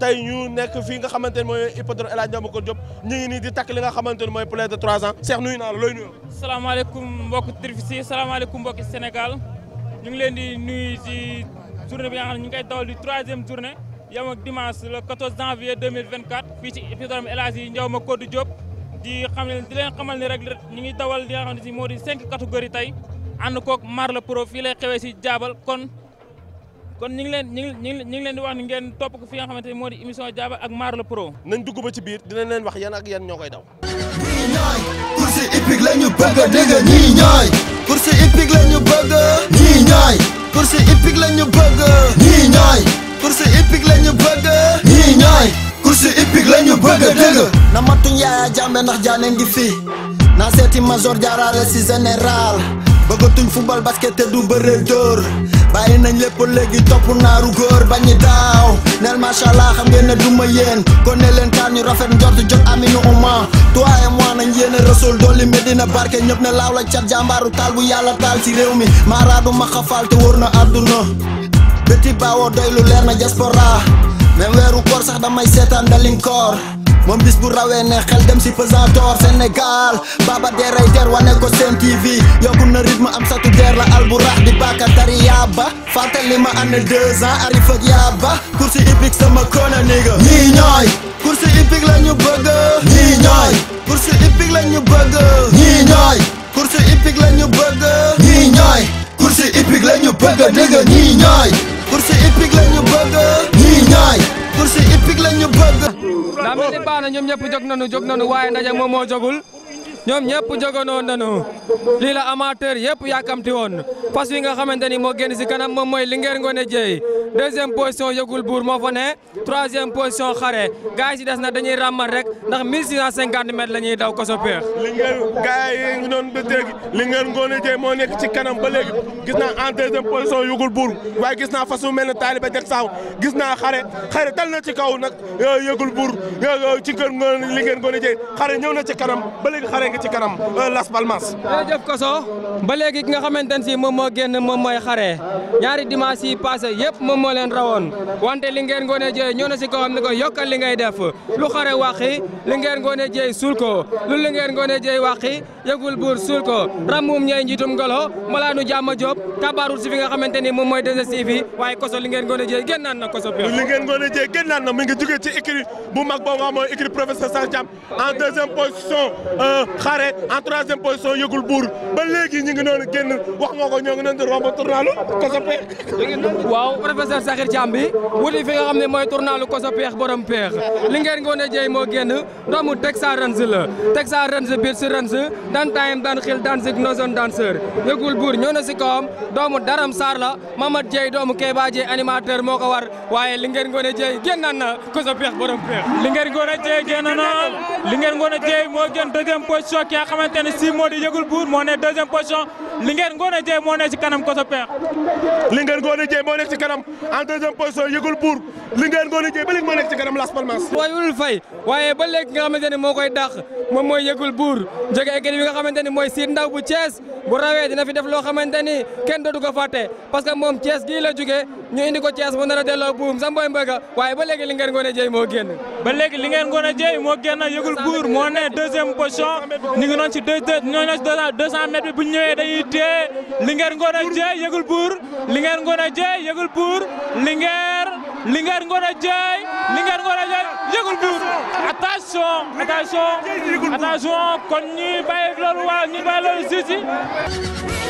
tey ñu nekk fii nga xamante ne mooy hippodrome El Hadj Ndiamboukor Diop ñu ngi nii di takk li nga xamante ne mooy plus de trois ans Cheikh nuyu naa la looy nuyu salaamaaleykum mbokki Trifisi salaamaaleykum mbokki Sénégal ñu ngi leen di nuyu si journée bi nga xam ne ñu ngi koy dawal di troisième journée yam ak dimanche le 14 janvier 2024 fii ci hippodrome El Hadj Ndiamboukor Diop di xam ne di leen xamal ni rek ñu ngi dawal li nga xam ne si moo di cinq catégories tey ànd koog Marle Pro fii lay si jaabal kon kon ñu ngi leen ñu ngi ñu ngi leen di wax ni ngeen topp ko fi nga xamante moo di émission Diaba ak Marle Pro. nañ dugg ba ci biir dinañ leen wax yan ak yan ñoo koy daw. ñii ñooy course hippique la bëgg a dégg ñii ñooy course hippique la bëgg ñii ñooy course ñooy course hippique la bëgg a dégg na matuñ yaaya jàmbe ndax jaane ngi fi naa seeti major jaarale si général bëggatuñ football basket te du bëre bàyyi nañ lépp léegi topp naaru góor bañu daaw neel macha allah xam ngeen duma yéen kon ne leen kaan ñu rafet njort jot aminu uma toi et moi yéen a rasul medina barke ñëpp ne laaw la cat jàmbaaru taal bu yàlla taal ci réew mi maaraadu ma xafaal te wóor na àdduna béti baawoo doy lu leer na diaspora même weeru koor sax damay seetaan dalin moom bis bu rawee ne xel dem si pesantor Sénégal baba deray der wane ko seen TV yokku na rythme am satu der la al bu rax di bàkka tari yaaba fàttali ma am na deux ans arif ak yaaba course hippique sama kona niga ñii ñooy course hippique la ñu bëgg ñii ñooy course hippique la ñu bëgg ñii ñooy course hippique la ñu bëgg ñii ñooy course hippique la ñu bëgg dégg ñii ñooy course hippique la ñu bëgg ñii ñooy course hippique la ñu bëgg daa mel ni baax na ñoom ñëpp jóg nañu jóg nañu waaye ndaje moom moo jógul ñoom ñëpp jóganoon nañu lii la amateur yëpp yàkkamti woon fas wi nga xamante ni moo génn si kanam moom mooy Linguère Ngoné Dieye deuxième position yëgul buur moo fa ne troisième position xare gars yi si des na dañuy ràmmal rek ndax 1650 mètres la ñuy daw koso peex Linguère gars yi ngi ba léegi Linguère Ngoné Dieye moo nekk ci kanam ba gis na en deuxième position yëgul buur waaye gis naa fas wu mel ne taaliba nekk saaw gis na xare xare dal na ci kaw nag yëgul buur ci kër Linguère Ngoné Dieye na ci kanam ba léegi léegi ci kanam euh, Las Palmas. ko so ba léegi nga xamanteni ne si genn moo moy moom xare ñaari dimanche yi passé yépp moom mo leen rawoon wante li ngeen jey ñoo na si ko am ne ko li ngay def lu xare waxi li ngeen ngoone jey sulko. ko lu li ngeen ngoone jey waxi yegul bur suul ko ramum ñay njiitum ngolo malaanu jama job kabaarul ci fi nga xamanteni ni moy mooy ci fi ko so li ngeen ngoone jëy génnaan na lu li ngeen ngoone jey gennan na mi ngi jugee ci écrit bu mag bo nga mooy écrit professeur en deuxième position euh, xaaree en troisième position yëgul buur ba léegi ñu ngi noonu génn wax nga ko ñoo ngi leen di romb tournalu Kosopeex. waaw professeur Sakhir Thiam bi wuti fi nga xam ne mooy tournalu Kosopeex borom peex li ngeen ngoone jëy moo génn doomu Texas Range la Texas Range biir si Range daan taayam daan xil daan sig noson daan yëgul buur ñëw si kawam doomu Daram Sarr la Mamad doomu Kéba Dieye moo ko war waaye li ngeen ngoone jëy génnan na na li ngeen ngoone jëy moo position ki nga xamante ne si moo di yëgul buur moo ne deuxième position Linguère Ngoné Dieye moo nekk si kanam Koso Père. Linguère Ngoné Dieye moo nekk si kanam en deuxième position yëgul buur Linguère Ngoné Dieye ba léegi moo nekk si kanam Las Palmas. wayul fay waaye ba léegi nga xamante ne moo koy dàq moom mooy yëgul buur jóge équipe bi nga xamante ne mooy Siid Ndaw bu Thiès bu rawee dina fi def loo xamante ni kenn dootu ko fàtte parce que moom Thiès gii la jógee. ñu indi ko Thiès mu nar a delloo buum sa mbooy mbëgga waaye ba léegi li ngeen ngoon a jëy moo génn ba léegi li ngeen ngoon a jëy moo génn yëgul buur moo ne deuxième position ñu ngi noonu ci deux ñoo noonu ci deux cent mètres bi bu ñu ñëwee dañuy téye li ngeen ngoon a jëy yëgul buur li ngeen ngoon a jëy yëgul buur li ngeen li ngeen ngoon a jëy li ngeen ngoon a jëy yëgul buur attention attention attention kon ñuy bàyyi loolu waa ñuy bàyyi loolu si si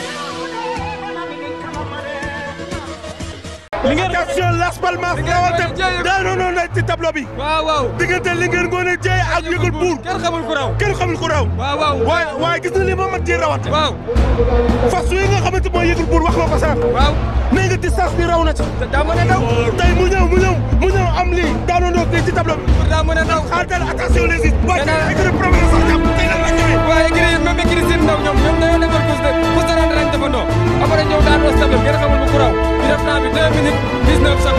attention Las Palmas rawatina daanu noonu ci tableau bi. waaw waaw diggante Linguère Ngoné Dieye ak Yeumbeul Mbour. kenn xamul ku raw kenn xamul ku raw. waaw waaw waaye waaye gis na lii moom ak ci rawat. waaw fas yi nga xamante mooy Yeumbeul Mbour wax nga ko sànq. waaw nee nga distance bi raw na ci. te daa mën a daw tey mu ñëw mu ñëw mu ñëw am lii daanu noonu fii ci tableau bi. daa mën a daw xaaral attention les gis. boo ci gën a problème sax jàpp tey lan la ñëwee. waaye gën a yëg même gën a seen ndaw ñoom ñoom instant bi 2 minutes 19 secondes.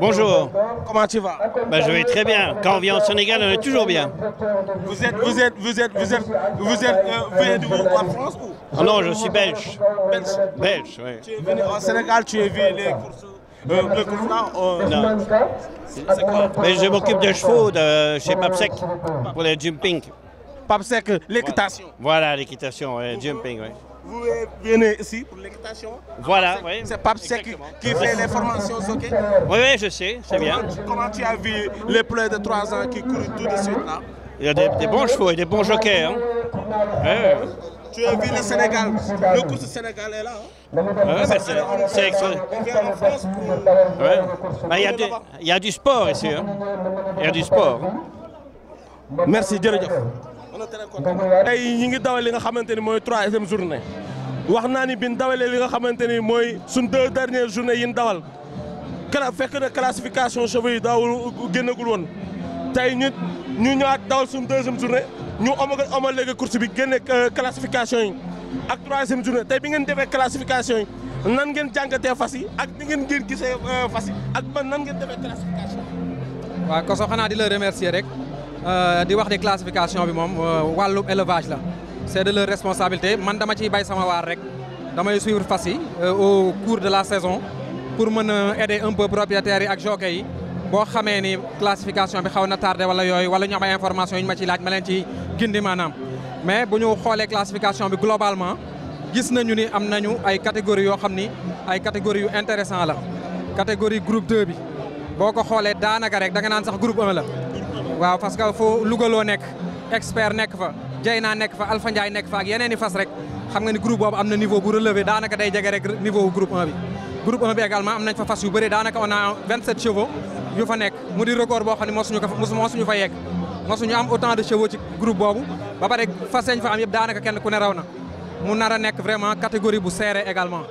Bonjour, Bonjour comment tu vas ben, Je vais très bien. Quand on vient au Sénégal, on est toujours bien. Vous êtes, vous êtes, vous êtes, vous êtes, vous êtes, euh, vous êtes en France ou ah Non, je suis belge. Belge Belge, oui. Tu es venu au Sénégal, tu es vu les courses euh, le euh, non. C'est quoi Mais je m'occupe de chevaux de, chez Mapsec pour les jumping. Papsec, l'équitation. Voilà, l'équitation, jumping, oui. Vous venez ici pour l'équitation Voilà, oui. C'est pas qui, fait les formations au Oui, oui, je sais, c'est bien. Comment tu as vu les pleins de 3 ans qui courent tout de suite là Il y a des, bons chevaux et des bons jockeys. Hein. Tu as vu le Sénégal Le course Sénégal est là. Hein? Ouais, c'est excellent. Bah, il y, y, a du sport ici. Hein. Il y a du sport. Merci, Dieu. tey ñi ngi dawal li nga xamante ni mooy troisième journée wax naa ni bin dawalee li nga xamante ni mooy suñ deux dernières journées yin dawal kala fekk na classification chevaux yi daawul génnagul woon tey ñu ñu ñëwaat dawal suñ deuxième journée ñu omaga omal léegi course bi génne euh, classification yi ak troisième journée tey bi ngeen defee classification yi nan ngeen jàngatee fas yi ak ni ngeen ngeen gisee euh, fas yi ak ban nan ngeen defee classification waaw koso xanaa di la remercier rek Euh, di wax ne classification bi mom euh, wàllu élevage la c'est de leur responsabilité man dama ci bay sama war rek damay suivre fas yi euh, au cours de la saison pour mën aider un peu propriétaires ak jockey yi boo xamee ni classification bi xawna tardé wala yoy wala ñu am information yu ñu ma ci laaj ma ci gindi manam mais buñu xolé classification bi globalement gis nañu ni am nañu ay catégories yo xamni ay catégories yu intéressant la catégorie groupe 2 bi boko xolé danaka rek da nga nan sax groupe 1 la waaw parce que foo lugaloo loo nekk expert nekk fa Dieyna nekk fa Alpha nekk fa ak yeneen i fas rek xam nga ni groupe boobu am na niveau bu relevé daanaka day jege rek niveau groupe 1 bi. groupe 1 bi également am nañ fa fas yu bëri daanaka on a 27 chevaux yu fa nekk mu di record boo xam ne mosuñu ko mosuñu fa yegg ñu am autant de chevaux ci groupe boobu ba pare fas fa am yëpp daanaka kenn ku ne raw na mu nar a nekk vraiment catégorie bu serré également.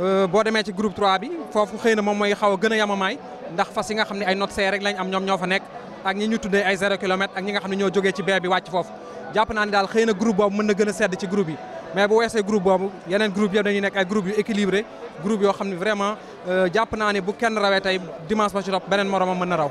Euh, boo demee ci groupe 3 bi foofu xëy na moom mooy xaw gën a yamamaay ndax fas yi nga xam ne ay notes rek lañ am ñoom ñoo fa nekk. ak ñi ñu tuddee ay zéro kilomètre ak ñi nga xam ne ñoo jógee ci bee bi wàcc foofu daal xëy na groupe boobu mën na gën a sedd ci groupe yi mais bu weesee groupe boobu yeneen groupe yëpp dañuy nekk ay groupe yu équilibré yoo xam ne vraiment euh, jàpp naa ne bu kenn rawee tey dimanche ba ci topp beneen moromam mën na raw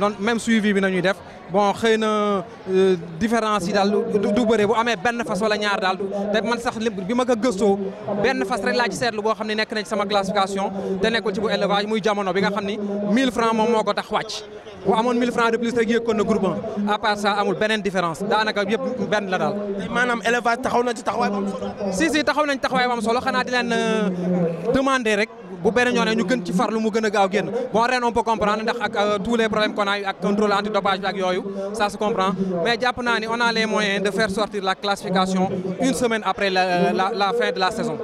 donc même suivi bi nañuy def bon xeyna euh, différence yi dal du bëre bu amé ben fas wala ñaar dal te man sax bima ko gëstoo ben fas rek la ci sétlu bo xamni nek nañ sama classification te nekkul ci bu élevage muy jamono bi nga xamni 1000 francs mom moko tax wacc bu amone 1000 francs de plus rek yëkkoon na groupe 1 à part ça amul benen différence daanaka yëpp ben la dal manam élevage taxaw na ci taxawaay bam solo. si si taxaw nañ taxawaay bam solo xana di leen euh, demander rek bu beneen ñu gën ci mu a bon on peut comprendre euh, tous les problèmes qu'on a eu le contrôle antidopage bi ça se comprend mais on a les moyens de faire sortir la classification une semaine après la euh, fin de la saison.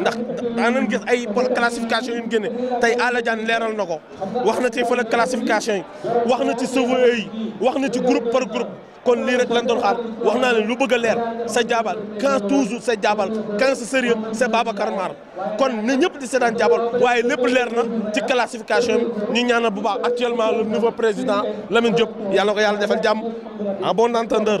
ndax daanan gis ay classification yu ñu génne tey Alla Diagne leeral na ko wax na ci fële classification yi wax na ci chevaux yi wax na ci groupe par groupe kon lii rek lañ doon xaar wax naa leen lu bëgg a leer sa jaabal quand toujours sa Diabal quand c'est sérieux c'est Babacar Mar kon ne ñëpp di seetaan Diabal waaye lépp leer na ci classification bi ñu ñaanal bu baax actuellement le la président Lamine Diop yàlla ko yàlla defal jàmm en bon entendeur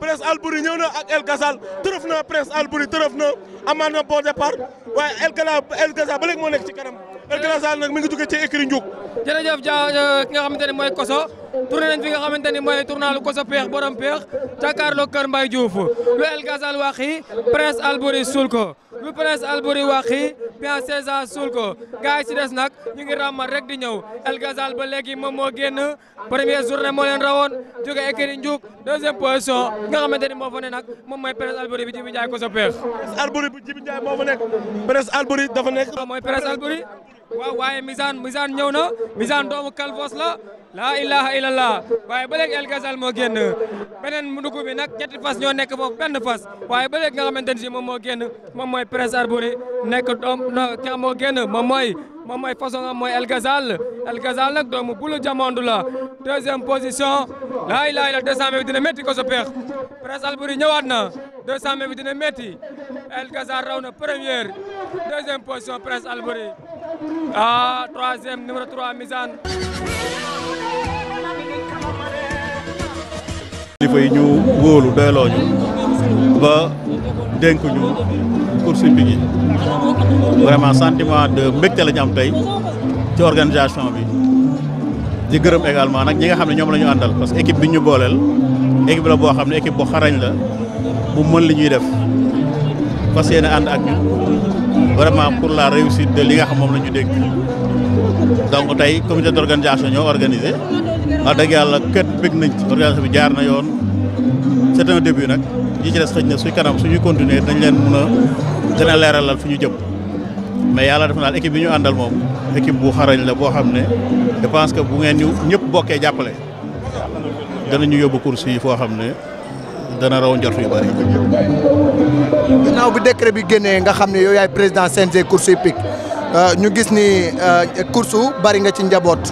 presse Albouri ñëw na ak El Gassal tërëf na presse Albouri tërëf na amaat na bon départ waaye El Gala El ba léegi moo nekk ci kanam El Gassal nag mi ngi jóge ci écurie Ndiouk. jërëjëf Dia ki nga xamante ne mooy Koso. tourné nañ fi nga xamante ni mooy tournalu Koso Peex borom Peex jàkkaarloo Kër Mbaye Diouf lu El Gazal waxi Prince Albouri suul lu Prince Albouri waxi bien César suul ko gars si des nag ñu ngi ràmmal rek di ñëw El Gazal ba léegi moom moo génn première journée moo leen rawoon jóge écurie Ndiouk deuxième position nga xamante ni moo ne moom mooy Prince Albouri bi Jibi Ndiaye Koso Peex. Prince Albouri bi Jibi Ndiaye moo fa nekk Prince mooy Prince Albouri waaw waaye la. laa ilaha illallah waaye ba léegi El Gazal moo génn beneen mu bi nag ñetti fas ñoo nekk foofu benn fas waaye ba léegi nga xamante ni si moo génn moom mooy Prince Arbouri nekk doom ka moo génn moom mooy moom mooy façon am mooy El Gazal El Gazal nag doomu bulu jamono la deuxième position laa ilaha illallah deux cent mètres dina métti ko sa peex Prince Arbouri ñëwaat na deux cent mètres dina El Gazal raw na première deuxième position Prince Arbouri ah troisième numéro 3 Misaan kilifa yi ñu wóolu doyloo ñu ba dénk ñu course hippique yi vraiment sentiment de mbégte la ñu am tey ci organisation bi di gërëm également nag ñi nga xam ne ñoom la ñu àndal parce que équipe bi ñu booleel équipe la boo xam ne équipe bu xarañ la bu mën li ñuy def fas yéene ànd ak ñu vraiment pour la réussite de li nga xam moom la ñu dégg donc tey comité d'organisation ñoo organisé wax dëgg yàlla kët bëgg nañ ci organisation bi jaar na yoon c'est un début nag yi ci des xëj na suñ kanam suñuy continuer dañ leen mën a gën a fi ñu jëm mais yàlla def naa équipe bi ñu àndal moom équipe bu xarañ la boo xam ne je pense que bu ngeen ñu ñëpp bokkee jàppale ñu yóbbu course yi foo xam ne dana raw njort yu bari. ginnaaw bi décret bi génnee nga xam ne yow yaay président CNG course hippique euh, ñu gis ni euh, course bari nga ci njaboot.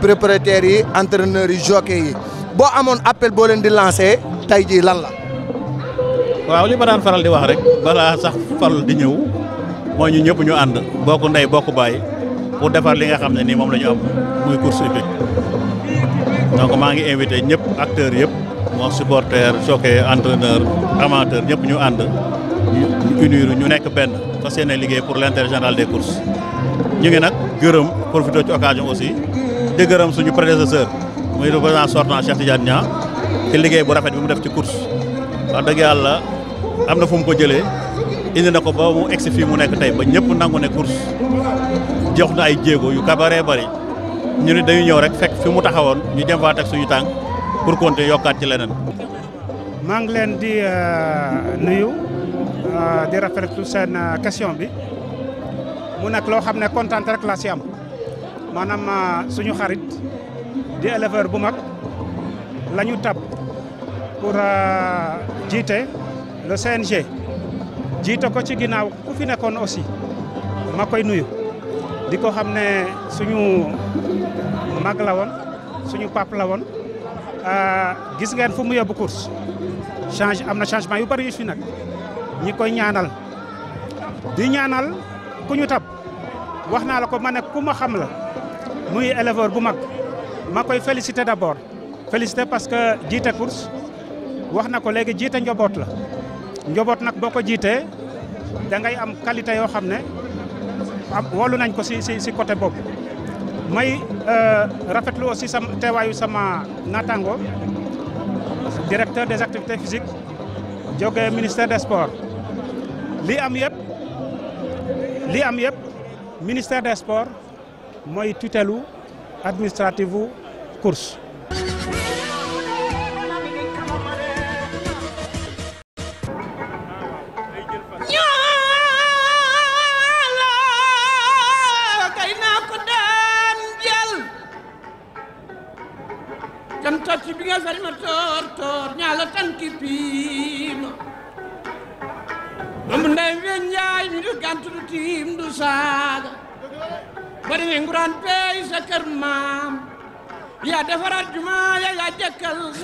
préparateur yi entraîneur yi jockey yi bo amone appel bo len di lancer tay ji lan la. waaw li ma daan faral di wax rek bala sax faral di ñew mooy ñu ñëpp ñu and boku nday boku bay pour défar li nga xamné ni mom lañu am muy course épique donc ma ngi invité ñëpp acteur yëpp mo supporter jockey entraîneur amateur ñëpp ñu and ñu unir ñu nekk ben fas yéene liggéey pour l'intérêt général des courses ñu ngi nak gëreum profiter ci occasion aussi. di gërëm suñu prédécesseur muy le président sortant Cheikh jaan Niang ci liggéey bu rafet bi mu def ci course wax dëgg yàlla am na fu mu ko jëlee indi na ko ba mu egsi fii mu nekk tey ba ñëpp nangu ne course jox na ay jéego yu kabaree bari ñu ne dañu ñëw rek fekk fi mu taxawoon ñu dem fa teg suñu tànk pour compter yokkaat ci leneen. maa ngi leen di euh, nuyu euh, di rafetlu seen euh, question bi mu nekk loo xam ne kontaan rek laa si am. maanaam ah, suñu xarit di éleveur bu mag la ñu tab pour ah, jiite le CNG jiite ko ci ginnaaw ku fi nekkoon aussi ma koy nuyu di ko xam ne suñu mag la woon suñu pap la woon ah, gis ngeen fu mu yóbbu change am na changement yu bari yu fi nag ñi koy ñaanal di ñaanal ku ñu tab wax naa la ko ma ne ku ma xam la muy éleveur bu mag ma félicité féliciter parce que jiite course wax na ko léegi la da am qualité ko si si côté may euh, aussi sama sama directeur des activités physiques jóge ministère des sports li am li ministère des sports mooy tutelu administrative u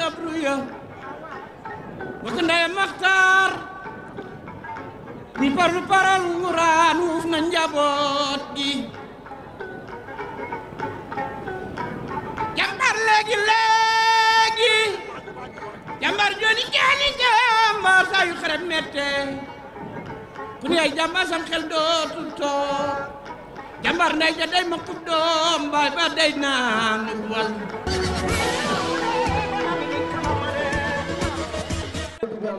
abruya wakan daya maktar ni paru paral nguraan uuf na njaboot gi jambar lagi lagi jambar joni jani jambar saa yu xarab mette ay jambar sam xel dootul toog jambar nday ja makudom ma kub doom baay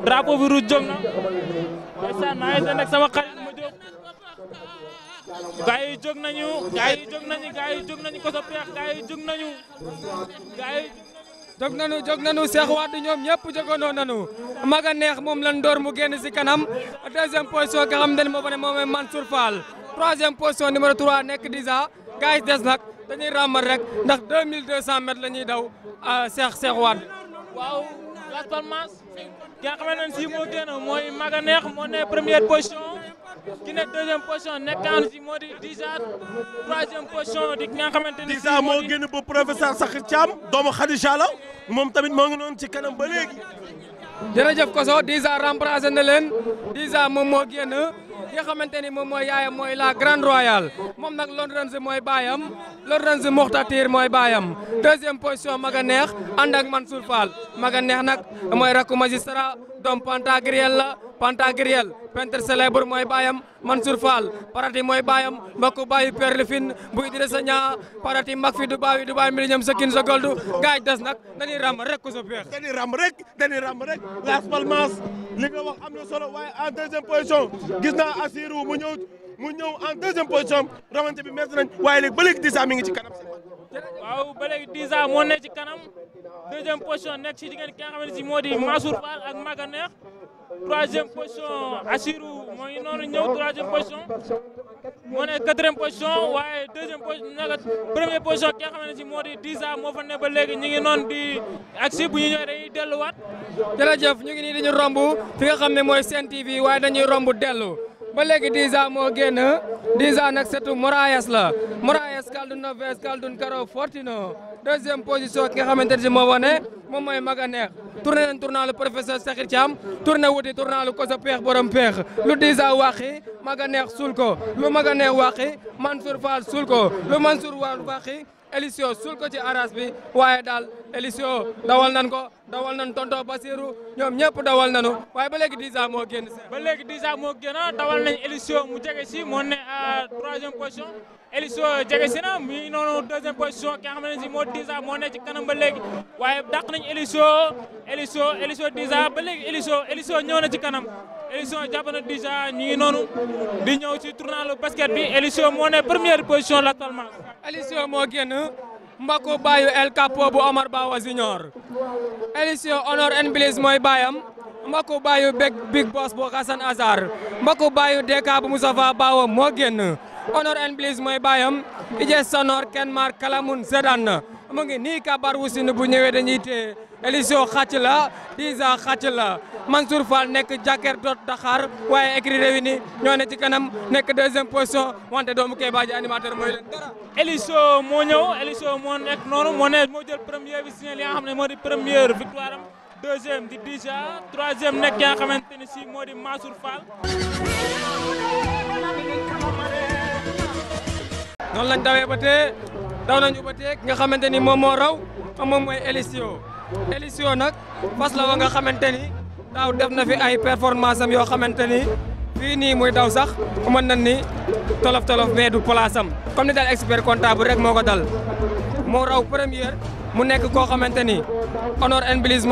drapeau bi rouge jóg na ndeysaan maa ngi leen sama xarit ma jóg gaa yi jóg nañu gaa yi jóg nañu gaa yi jóg nañu koso peex gaa yi jóg nañu gaa yi jóg nañu jóg nañu Cheikh Wade ñoom ñëpp jógoonoo nañu maga neex moom lan door mu génn si kanam deuxième position nga xam ne moo fa ne moom Mansour Fall troisième position numéro 3 nekk Disa gaa yi des nag dañuy ràmmal rek ndax 2200 mètres la ñuy daw euh, Cheikh Cheikh Wade Las Palmas ki nga xamante si moo génn mooy Maga Neex moo ne première position ki ne deuxième position nekkaan si moo di Dija troisième position di ki nga xamante ne Dija moo génn ba professeur Sakhir Thiam doomu Khadija la moom tamit moo ngi noonu ci kanam ba léegi. jërëjëf Koso Dija remplacé na leen moo génn. ki nga xamante ni moom mooy yaayam mooy la grande royale moom nag London si mooy baayam London si Muxtatir mooy baayam deuxième position Maga Neex ànd ak Mansour Fall Maga Neex nag mooy rakku sara otom Pantagriel la Pantagriel peintre célèbre mooy baayam Mansour Fall parati mooy baayam mbokku baayu perlifin bu Idrissa Ñaa parati mag fi du baayu du baay miliñam sa kin sa goldu gaaj des nag dañuy ram rek ku sa peex dañuy ram rek Las Palmas li wax am na solo waaye en deuxième position gis naa Assirou mu ñëw mu ñëw en deuxième position rawante bi metti nañ waaye léegi ba léegi disa mi ngi ci kanam waaw ba léegi a moo ci kanam deuxième position nekk ci diggante ki nga xamante ne si moo di Mansour Fall ak Maga Neex troisième position Assirou mooy noonu ñëw troisième position moo nekk quatrième position waaye deuxième position nekk première position ki nga xamante ne si moo di dèjà moo fa ne ba léegi ñu ngi noonu di agsi bu ñu ñëwee dañuy delluwaat. jërëjëf ñu ngi nii dañu romb fi nga xam ne mooy Sen TV waaye dañuy romb dellu. ba léegi Diza moo génn Diza nag setu Moraes la Moraes Kaldun Neves Kaldun Karo Fortino deuxième position ki nga xamante ne si moo wane moom mooy Maganeex tourné nañ tournalu professeur Sakhir Thiam tourné wuti tournalu kosa peex borom peex lu Diza waxi Maganeex suul ko lu Maganeex waxi Mansour Fall suul ko lu Mansour Fall waxi Elisio sul ko ci aras bi waaye daal Elisio dawal nan ko dawal nan tonto Basiru ñoom ñëpp dawal nanu waaye ba léegi Disa moo génn ba léegi Disa moo génn dawal nañ Elisio mu jege si moo ne à troisième position Elisso jege si na position ki moo Diza moo ci kanam ba léegi waaye dàq nañ Elisso Elisso Elisso ba léegi Elisso Elisso ñëw ci kanam Elisso jàpp na Diza ñu ngi noonu di ñëw ci tournoi basket bi Elisso moo ne première position la actuellement. Elisso moo génn mbako baayu El Capo bu Omar Bawa Junior Elisso Honor Nbilis mooy baayam mbako baayu Big Big Boss bu Hassan Azar mbako baayu Deka bu Moustapha Bawa moo honor and bliss mooy baayam ije sonor ken mar kalamun sedan mu ngi nii kabar wusin bu ñëwee dañuy téye élision xàcc la disa xàcc la Mansour Fall nekk jàkkeer doot Dakar waaye écrit réew ñoo ne ci kanam nekk deuxième position wante doomu Keba ji animateur mooy leen dara moo ñëw élision moo nekk noonu moo ne moo jël première bi signé li nga xam ne moo di première victoire am deuxième di disa troisième nekk yaa xamante ne si moo di Mansour Fall non lañ dawé ba tee daw nañu ba tee nga xamante mom mo raw mom moy Elisio Elisio nak pass la nga xamante daw def na fi ay performance am yoo fi ni moy daw sax man nañ ni tolof tolof mais du place am comme ni dal expert comptable rek moko dal mo raw première mu nek ko xamante Honor and bliss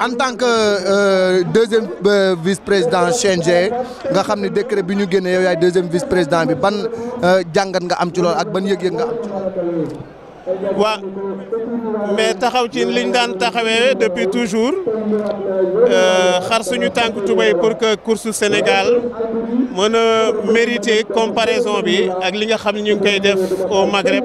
en tant que euh, deuxième euh, vice-président CNG nga xamni décret bi ñu génnee yow yaay deuxième vice-président bi ban euh, jangat nga am ci lool ak ban yëg-yëg nga am ci wa mais taxaw ci liñ daan taxawé depuis toujours xar suñu tànk tubéy pour que course Sénégal mën a mériter comparaison bi ak li nga xamni ñu koy def au Maghreb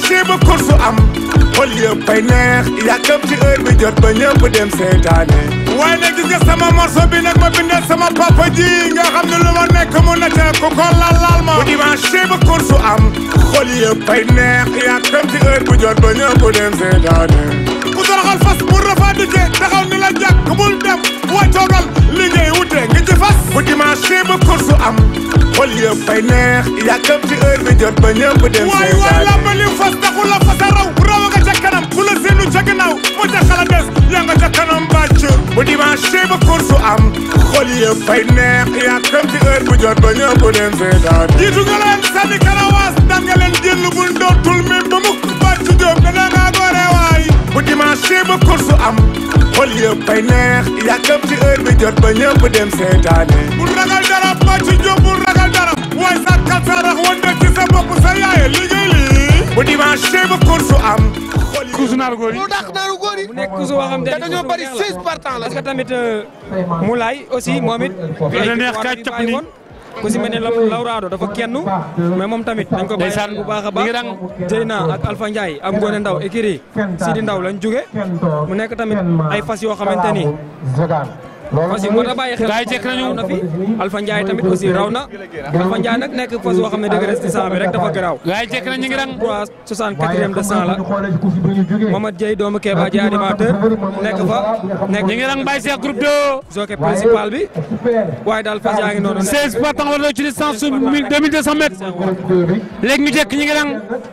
marché ba am xol yëpp bay neex yàkkam ci heure bi jot ba ñëpp dem seetaane waaye nag gis nga sama morceau bi nag ma bindal sama papa ji nga xam ne lu ma nekk mu nete ku ko laal laal ma bu dimanche ba am xol yëpp bay neex yàkkam ci heure bu jot ba ñëpp dem seetaane toroxal fas pour revendiquer taxaw ni la jàkk mul dem wàccoogal li ngay wute nga ci fas bu dimanche ba course am xool yëpp fay neex yàkkam ci heure bi jot ba ñëpp dem waay waay lamba li fas taxu la fas a raw raw nga ca kanam bu la seenu ca ginnaaw mu ca xala des yaa nga ca kanam bàcc bu dimanche ba course am xool yëpp fay neex yàkkam ci heure bu jot ba ñëpp dem seetaan jiitu nga leen sànni karawaas daan nga leen jël bu dootul même ba mu bàcc nga bu dimanche ba course ci heure bi jot ba ñëpp dem seetaane bu ragal dara ma ci jóg bu ragal dara waaye sa kalsaarax wante ci sa bopp sa yaaye lii bu dimanche ba course am course naaru góor yi mu dàq naaru góor nekk course boo xam te dañoo bari la parce que tamit euh, Moulay aussi moom it neex kaay cap ni ku si mel ne Laurado dafa kenn mais moom tamit dañ ko bàyyi xel bu baax a baax Jeyna ak Alpha Ndiaye am Ngoone Ndaw écurie di Ndaw lañ jóge mu nekk tamit ay fas yoo xamante ni fas yi war a bàyyi xel gars yi jekk nañu raw na fi Alpha Ndiaye tamit aussi raw na Alpha Ndiaye nag nekk fas yoo xam ne dëgg resti cent bi rek dafa garaaw gars jekk nañu ñi ngi rang Baye Cheikh groupe 2 jockey principal bi waaye daal fas yaa ngi noonu 16 partants wala ci distance su 2200 mètres léegi ñu jekk ñi ngi rang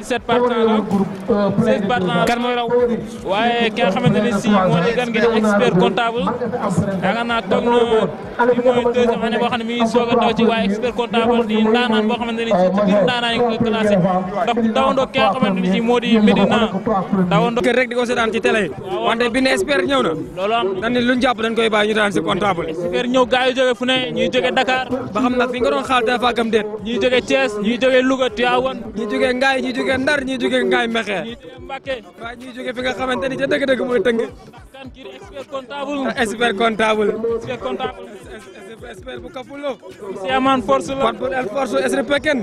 17 partants la 16 partants kan mooy raw waaye ki nga xamante ne si moo di gan di expert comptable Not Anatolu mooy deuxième année boo xam ne mi ngi soog a daw ci waaye expert comptable di ndaanaan boo xamante ci biir ndaanaan yi ko classé ndax dawandoo ki nga xamante ne ci moo yi wante bi ne expert na loolu am lu ñu jàpp koy bàyyi ñu daan si comptable expert ñëw gaa yu jóge fu ne ñuy jóge Dakar ba xam nag fi nga doon xaar dana fa gëm déet ñuy jóge Thiès ñuy jóge Louga Tivaouane ñuy jóge Ngaye ñuy jóge Ndar ñuy jóge Ngaye Mekhe waaye ñuy fi nga xamante ca dëgg-dëgg mooy tëng SPL bu Kafulo siaman force la pat bu el force SRP ken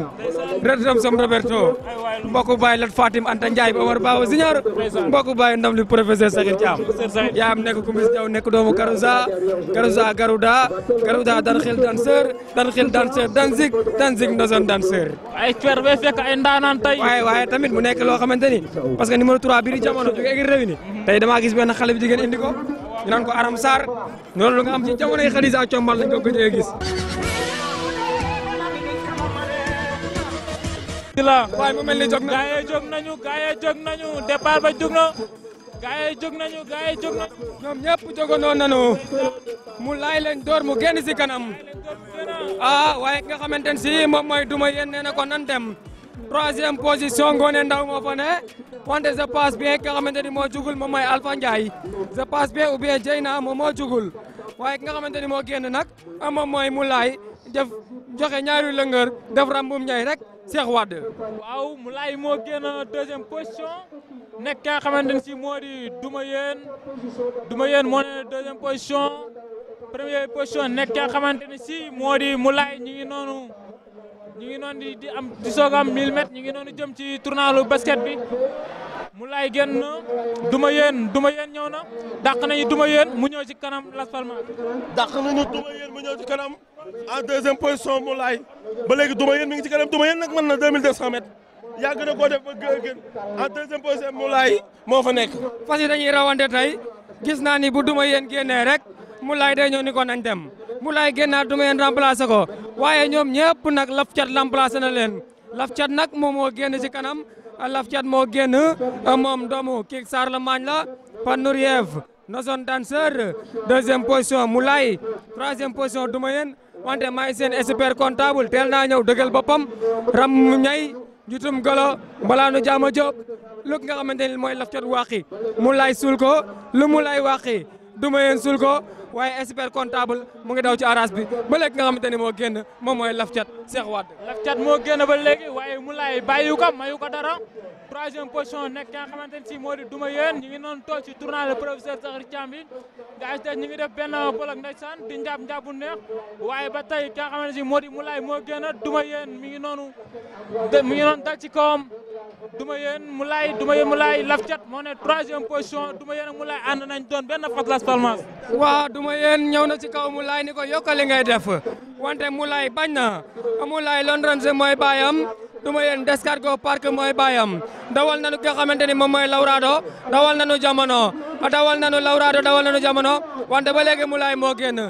redam som Roberto mbokku baay lat Fatim Anta Ndiaye ba war baaw siñor mbokku baay ndam li professeur Sakhir Thiam yaam nekk kumis jaw nekk doomu Karuza Karuza Garuda Garuda dan xel danseur dan xel danseur danzig danzig ndoson danseur ay fer be fekk ay ndaanaan tey waaye waaye tamit mu nekk loo xamante ni parce que numéro 3 bi di jamono jóge egir réew ni tey dama gis benn xale bi jigéen indi ko ñu naan ko Aram Sarr loolu nga am ci jamonoy Khadija Combal lañ ko gëj a gis. la waaye mu mel ni na gaa yee jóg nañu gaa yee jóg nañu départ ba jóg na gaa yee jóg nañu gaa yee jóg nañu ñoom ñëpp mu laay leen door mu génn si kanam ah waaye nga xamante ne si moom mooy duma yéen nee ko nan troisième position Ngoné Ndaw moo fa ne wante je passe bien ki nga xamante ni moo jugul moom mooy Alpha Ndiaye je passe bien ou bien Jeyna moom moo jugul waaye ki nga xamante ni moo génn nag ah, moom mooy Moulay def joxe ñaari lëngër def rambum ñay rek Cheikh Wade. waaw Moulay moo génn deuxième position nekk ki nga xamante ni si moo di Duma Yeen Duma Yeen moo ne deuxième position première position nekk ki nga xamante ni si moo di Moulay ñu ngi noonu. ñu ngi noonu di di am di am 1000 ñu ngi noonu jëm ci turnaalu basket bi mu laay génn duma yéen duma yéen ñëw na dàq nañu duma yéen mu ñëw ci kanam Las Palmas. dàq nañu duma yéen mu ñëw ci kanam en deuxième position mu laay ba léegi duma yéen mi ngi ci kanam duma yéen nag mën na 2200 mètres yàgg na koo def ba gën en deuxième position mu laay moo fa nekk. fas yi dañuy rawante tey gis naa ni bu duma yéen génnee rek mu laay day ñëw ni koon nañ dem. Moulay génnaat du ma leen remplacé ko waaye ñoom ñëpp nag Laf Cat remplacé na leen Laf Cat nag moom moo génn ci kanam Laf Cat moo génn moom doomu Kik Sarr la maañ la Panouriev Nozon danseur deuxième position Moulay troisième position du ma leen wante maay seen expert comptable teel naa ñëw dëggal boppam ram ñay jutum golo balaa nu jaama Diop lu nga xamante ni mooy Laf Cat wàqi Moulay suul ko lu Moulay wàqi du ma leen suul ko waaye expert comptable mu ngi daw ci arage bi ba léegi nga xamante ni moo génn moom mooy laf cat Cheikh Wade laf cat moo génn ba léegi waaye mu laay bàyyi ko mayu ko dara troisième position nekk nga xamante ne si moo di duma yéen ñu ngi noonu toog ci tournoi le professeur Sakhir Thiam bi gars yi ñu ngi def benn bolok ndeysaan di njàpp njàpp bu neex waaye ba tey nga xamante ne si moo di mu laay moo génn duma yéen mi ngi noonu mi ngi noonu dal ci kawam duma yéen mu laay duma yéen mu laay lafcat moo ne troisième position duma yéen ak mu laay ànd nañ doon benn fas Las Palmas. waaw duma yéen ñëw na ci kaw mu laay ni ko yokkali ngay def wante mu laay bañ na mu laay Lonrense mooy baayam duma yéen Descargo Park mooy baayam dawal na ki nga xamante ni moom mooy Laurado dawal nañu jamono dawal nañu Laurado dawal nañu jamono wante ba léegi mu laay moo génn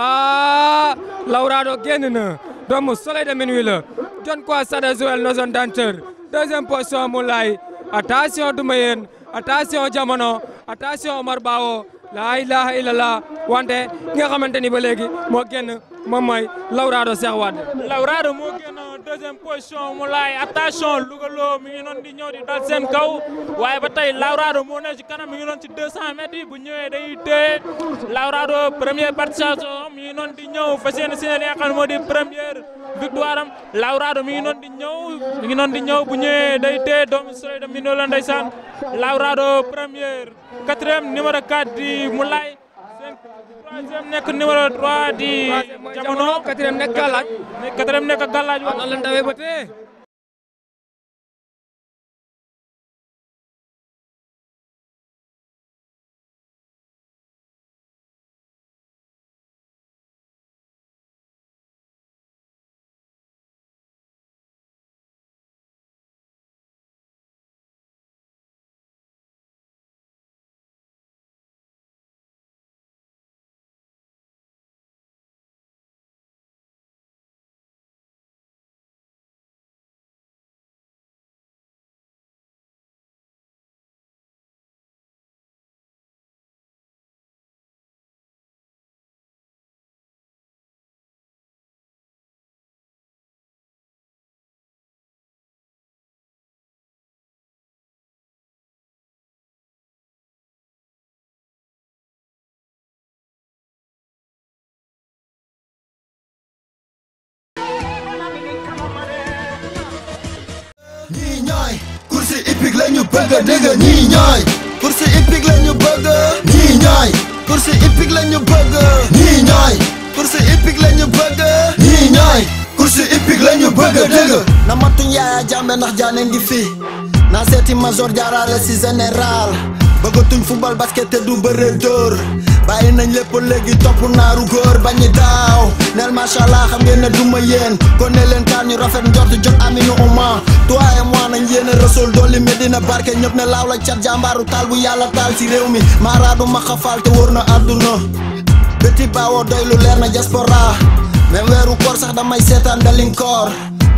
ah Laurado génn na doomu soleil de minuit la John Kwasa de Joel nos danseur deuxième position Moulay attention Doumbéyeen attention jamono attention Omar Bawo laa ilaha illallah wante ki nga xamante ni ba léegi moo génn moom mooy Laurado Cheikh Wade. Laurado moo génn deuxième position Moulay attention Louga Lo mi ngi doon di ñëw di dal seen kaw waaye ba tey Laurado moo nekk ci kanam mi ngi doon ci 200 mètres yi bu ñëwee day téye Laurado premier participation mi ngi doon di ñëw fa yéene si li nga xam victoire am Laurado mi ngi noon di ñëw mi ngi noon di ñëw bu ñëwee day tee doomu Soleil de Mindelo la ndeysaan Laurado première quatrième numéro 4 di Moulay troisième nekk numéro 3 di jamono quatrième nekk gàllaaj quatrième nekk gàllaaj waaw noonu la ñu dawee ba tee ñii ñooy course hippique la ñu bëgg dëgg ñii ñooy course la ñu bëgg ñii ñooy course hippique la ñu bëgg ñii ñooy course hippique la ñu bëgg ñii dëgg na matuñ yaaya jàmbe ndax jaane ngi fi naa seeti major jaarale si général bëggatuñ football basket te du bëre dóor bàyyi nañ lépp léegi topp naaru góor bañi daaw neel macha allah xam ngeen ne duma yéen kon ne leen kaar ñu rafet njort jot aminu uma toi et nañ yéen a rasul dolli Medina barke ñëpp ne laaw la cat jàmbaaru taal bu yàlla taal si réew mi maaraadu ma xafaal te wóor na àdduna béti baawoo doy leer na diaspora même weeru koor sax damay seetaan dalin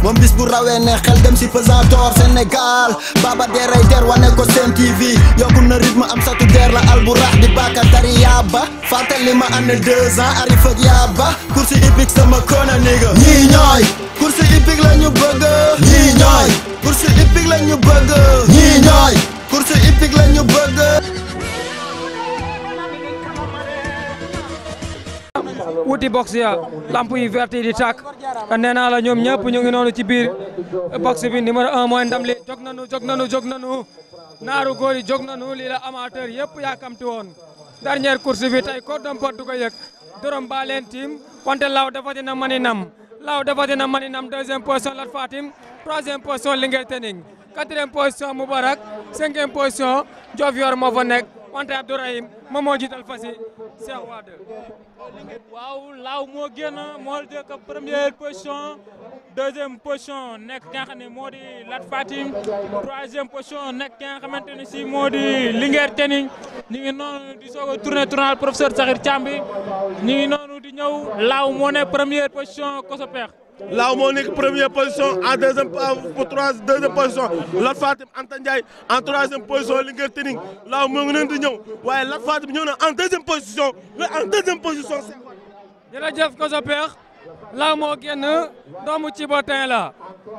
moom bis bu rawee ne xel dem si pesantor Sénégal baba deeray der wane ko seen TV yokku na rythme am satu der la alburax di baka tari yaaba ma année deux ans yaaba course hippique sama kona nigga ñii ñooy course hippique la ñu bëgg ñii ñooy course hippique la ñu bëgg wuti box ya lamp yi i yi di a nee naa la ñoom ñëpp ñu ngi noonu ci biir box bi numéro un mooy ndam li jóg nanu jóg nanu jóg nanu naaru góor yi jóg nanu lii la amateur yëpp yaakamti woon dernière course bi tey ko dom pot du ko yëg dorom baa leen tiim wante law dafa dina mani nam law dafa dina mani nam deuxième position Lat Fatim troisième position Linguère Tening quatrième position Moubarak cinquième position Diofior moo wante Abdourahim momo jital fasi fas yi Cheikh Wade. waaw laaw moo génn moo jëkk première position deuxième position nek nga xamné modi Lat Fatim troisième position nek nga xamante ne si moo linger Linguère ni ngi noonu di sogo tourner tourné tournal professeur Sakhir tiambi ni ñu ngi noonu di ñew law mo ne première position Kosopeex. La Monique première position en deuxième euh, pour trois deuxième position Lat Fatim Anta en troisième position l'ingertining, la Law ouais la Lat Fatim ñëw na en deuxième position en deuxième position Cheikh Wade. jërëjëf Koso Père la moo génn doomu Cibotin la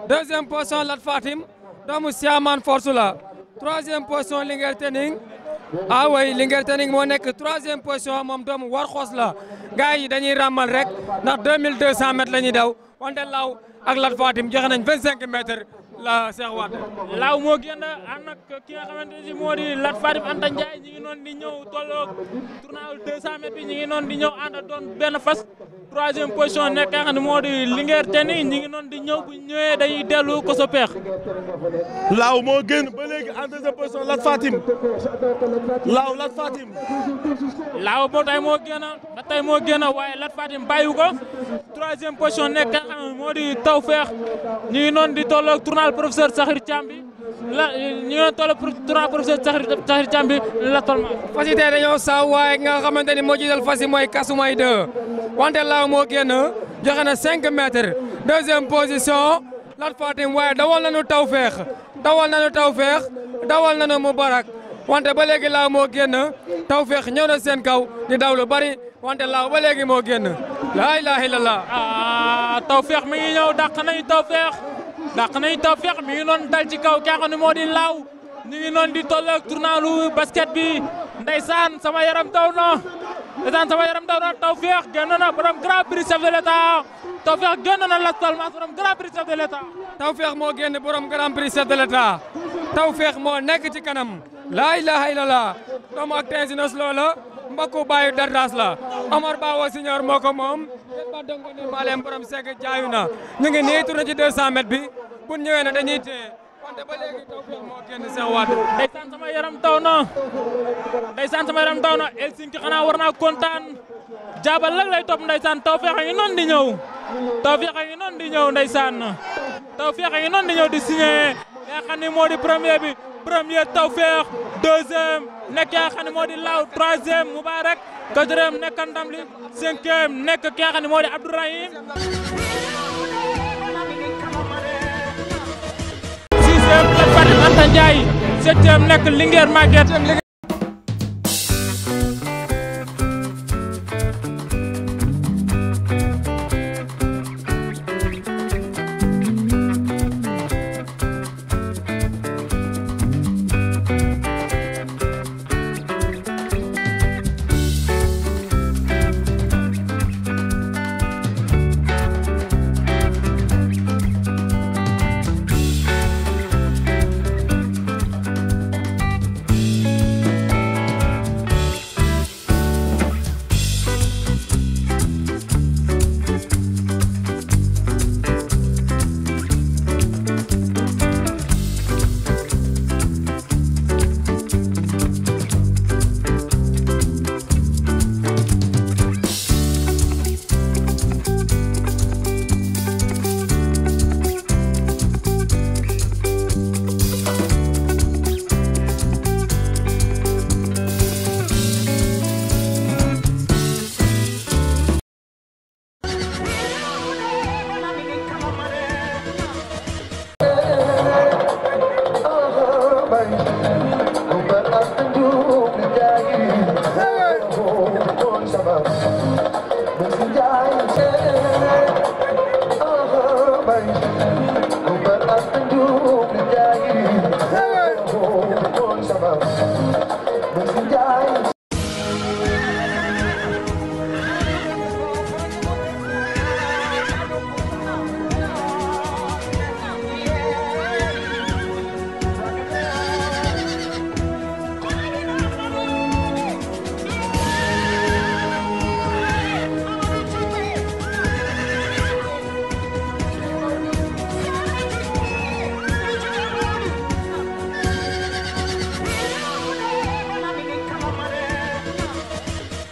deuxième position Lat Fatim doomu Siaman Force la troisième position l'ingertining, ah oui l'Ingertening Tening nek troisième position mon doomu Warxos la gars yi dañuy ràmmal rek ndax 2200 mètres l'année ñuy daw. Onde Law ak Lat Fatim joxe nañ 25 mètres la Cheikh Wade. Law moo génn ànd ak ki nga xamante ne moo di Lat Fatim Anta Ndiaye ñi ngi noonu di ñëw tolloog tournant 200 mètres bi ñi ngi noonu di ñëw ànd doon benn fas. troisième position nekk nga moo di Linguère te ñi ngi noonu di ñëw bu dañuy dellu ko sa peex. laaw moo génn ba léegi en deuxième position Lat Fatim laaw Lat Fatim. laaw boo tey moo génn ba tey moo génn waaye Lat Fatim bàyyiwu ko troisième position nekk nga xam ne di Tawfekh ñu ngi noonu di tolloog tournal professeur Sakhir Thiam la ñu doon toll pour trois professeurs Sakhir Thiam bi la toll ma. fas yi tey dañoo saaw waaye nga xamante ni moo jiital fas yi mooy Kasumay 2 wante laaw moo génn joxe na 5 mètres deuxième position waaye dawal nañu tawfeex dawal nañu tawfeex dawal nañu Mubarak wante ba léegi laaw moo génn tawfeex ñëw na seen kaw di daw lu bari wante laaw ba léegi moo génn. laa ilaaha illallah. tawfeex mi ngi ñëw dàq nañu tawfeex. ndax nañ taw feex mi ngi noonu dal ci kaw ki moo di laaw ñu ngi noonu di tolloog tournalu basket bi ndeysaan sama na ndeysaan sama yaram daw na taw feex génn na borom grand prix chef de l'état taw feex génn na Las Palmas borom grand prix chef de l'état taw feex moo génn borom grand prix chef de l'état taw feex moo nekk ci kanam laa ilaha illallah doomu ak tensinos loola mbokku baayu Dardas la Omar Ba wa Senior moo ko ba dongo ne Malem borom Seck jaayuna ñu ngi neetu na ci 200 mètres bi bu ñëwee na dañuy té konté ba légui taw bi moo génn seen waat. ndeysaan sama yaram taw na sant sama yaram taw na Helsinki xanaa war naa kontaan jaabal lag lay top ndaysan taw feex a ngi di ñëw taw feex a ngi di ñëw ndaysan taw feex a ngi di ñëw di signé nga xam modi premier bi premier taw feex deuxième. nekk ki nga xam ne moo di Laaw troisième Moubarak quatrième nekk ndam li cinquième nekk ki nga xam ne moo di Abdourahim sixième la nekk Linguère Maguette